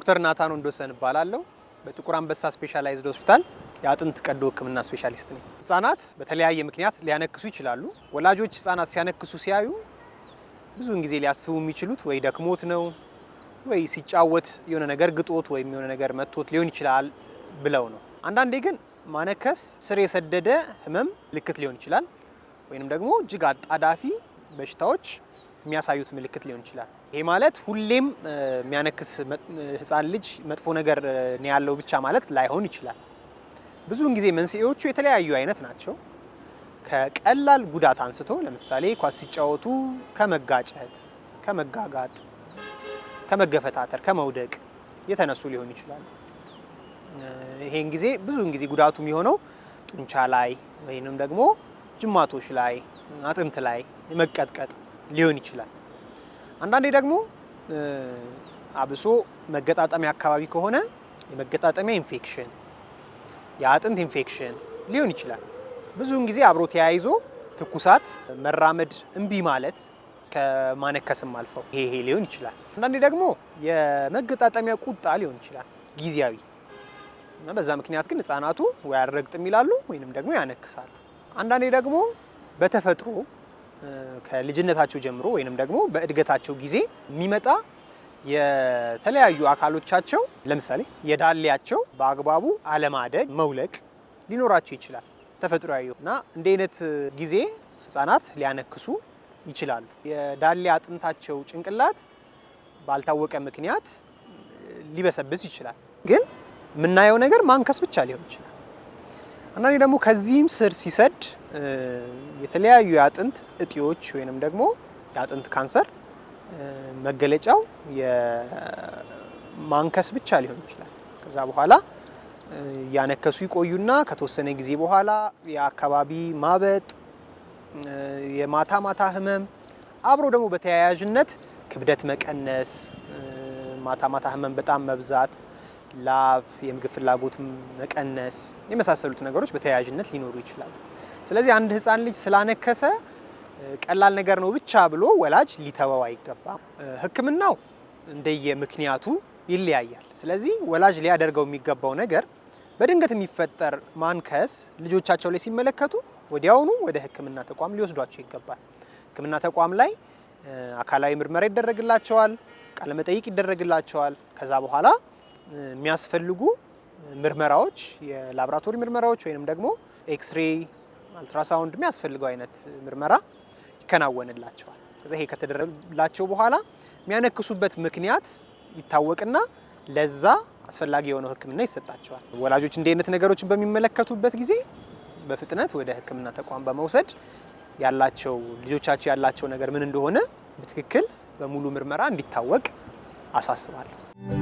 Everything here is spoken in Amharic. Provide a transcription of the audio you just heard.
ዶክተር ናታን ወንዶሰን እባላለሁ። በጥቁር አንበሳ ስፔሻላይዝድ ሆስፒታል የአጥንት ቀዶ ሕክምና ስፔሻሊስት ነኝ። ህጻናት በተለያየ ምክንያት ሊያነክሱ ይችላሉ። ወላጆች ህጻናት ሲያነክሱ ሲያዩ ብዙውን ጊዜ ሊያስቡ የሚችሉት ወይ ደክሞት ነው ወይ ሲጫወት የሆነ ነገር ግጦት ወይም የሆነ ነገር መቶት ሊሆን ይችላል ብለው ነው። አንዳንዴ ግን ማነከስ ስር የሰደደ ህመም ምልክት ሊሆን ይችላል ወይንም ደግሞ እጅግ አጣዳፊ በሽታዎች የሚያሳዩት ምልክት ሊሆን ይችላል። ይሄ ማለት ሁሌም የሚያነክስ ህፃን ልጅ መጥፎ ነገር ያለው ብቻ ማለት ላይሆን ይችላል። ብዙውን ጊዜ መንስኤዎቹ የተለያዩ አይነት ናቸው። ከቀላል ጉዳት አንስቶ ለምሳሌ ኳስ ሲጫወቱ ከመጋጨት፣ ከመጋጋጥ፣ ከመገፈታተር፣ ከመውደቅ የተነሱ ሊሆን ይችላል። ይሄን ጊዜ ብዙውን ጊዜ ጉዳቱ የሚሆነው ጡንቻ ላይ ወይንም ደግሞ ጅማቶች ላይ፣ አጥንት ላይ መቀጥቀጥ ሊሆን ይችላል። አንዳንዴ ደግሞ አብሶ መገጣጠሚያ አካባቢ ከሆነ የመገጣጠሚያ ኢንፌክሽን፣ የአጥንት ኢንፌክሽን ሊሆን ይችላል። ብዙውን ጊዜ አብሮ ተያይዞ ትኩሳት፣ መራመድ እምቢ ማለት ከማነከስም አልፈው ይሄ ሊሆን ይችላል። አንዳንዴ ደግሞ የመገጣጠሚያ ቁጣ ሊሆን ይችላል ጊዜያዊ እና በዛ ምክንያት ግን ህጻናቱ ወይ ይላሉ ወይንም ደግሞ ያነክሳሉ። አንዳንዴ ደግሞ በተፈጥሮ ከልጅነታቸው ጀምሮ ወይንም ደግሞ በእድገታቸው ጊዜ የሚመጣ የተለያዩ አካሎቻቸው ለምሳሌ የዳሌያቸው በአግባቡ አለማደግ፣ መውለቅ ሊኖራቸው ይችላል ተፈጥሯዊ እና እንዲህ አይነት ጊዜ ህጻናት ሊያነክሱ ይችላሉ። የዳሌ አጥንታቸው ጭንቅላት ባልታወቀ ምክንያት ሊበሰብስ ይችላል። ግን የምናየው ነገር ማንከስ ብቻ ሊሆን ይችላል። አንዳንዴ ደግሞ ከዚህም ስር ሲሰድ የተለያዩ የአጥንት እጢዎች ወይንም ደግሞ የአጥንት ካንሰር መገለጫው የማንከስ ብቻ ሊሆን ይችላል። ከዛ በኋላ እያነከሱ ይቆዩና ከተወሰነ ጊዜ በኋላ የአካባቢ ማበጥ፣ የማታ ማታ ህመም አብሮ ደግሞ በተያያዥነት ክብደት መቀነስ፣ ማታ ማታ ህመም በጣም መብዛት፣ ላብ፣ የምግብ ፍላጎት መቀነስ የመሳሰሉት ነገሮች በተያያዥነት ሊኖሩ ይችላሉ። ስለዚህ አንድ ህፃን ልጅ ስላነከሰ ቀላል ነገር ነው ብቻ ብሎ ወላጅ ሊተወው አይገባም። ህክምናው እንደየ ምክንያቱ ይለያያል። ስለዚህ ወላጅ ሊያደርገው የሚገባው ነገር በድንገት የሚፈጠር ማንከስ ልጆቻቸው ላይ ሲመለከቱ ወዲያውኑ ወደ ህክምና ተቋም ሊወስዷቸው ይገባል። ህክምና ተቋም ላይ አካላዊ ምርመራ ይደረግላቸዋል፣ ቃለመጠይቅ ይደረግላቸዋል። ከዛ በኋላ የሚያስፈልጉ ምርመራዎች የላብራቶሪ ምርመራዎች ወይንም ደግሞ ኤክስሬይ አልትራሳውንድ የሚያስፈልገው አይነት ምርመራ ይከናወንላቸዋል። ከዛ ይሄ ከተደረገላቸው በኋላ የሚያነክሱበት ምክንያት ይታወቅና ለዛ አስፈላጊ የሆነው ሕክምና ይሰጣቸዋል። ወላጆች እንዲህ አይነት ነገሮችን በሚመለከቱበት ጊዜ በፍጥነት ወደ ሕክምና ተቋም በመውሰድ ያላቸው ልጆቻቸው ያላቸው ነገር ምን እንደሆነ በትክክል በሙሉ ምርመራ እንዲታወቅ አሳስባለሁ።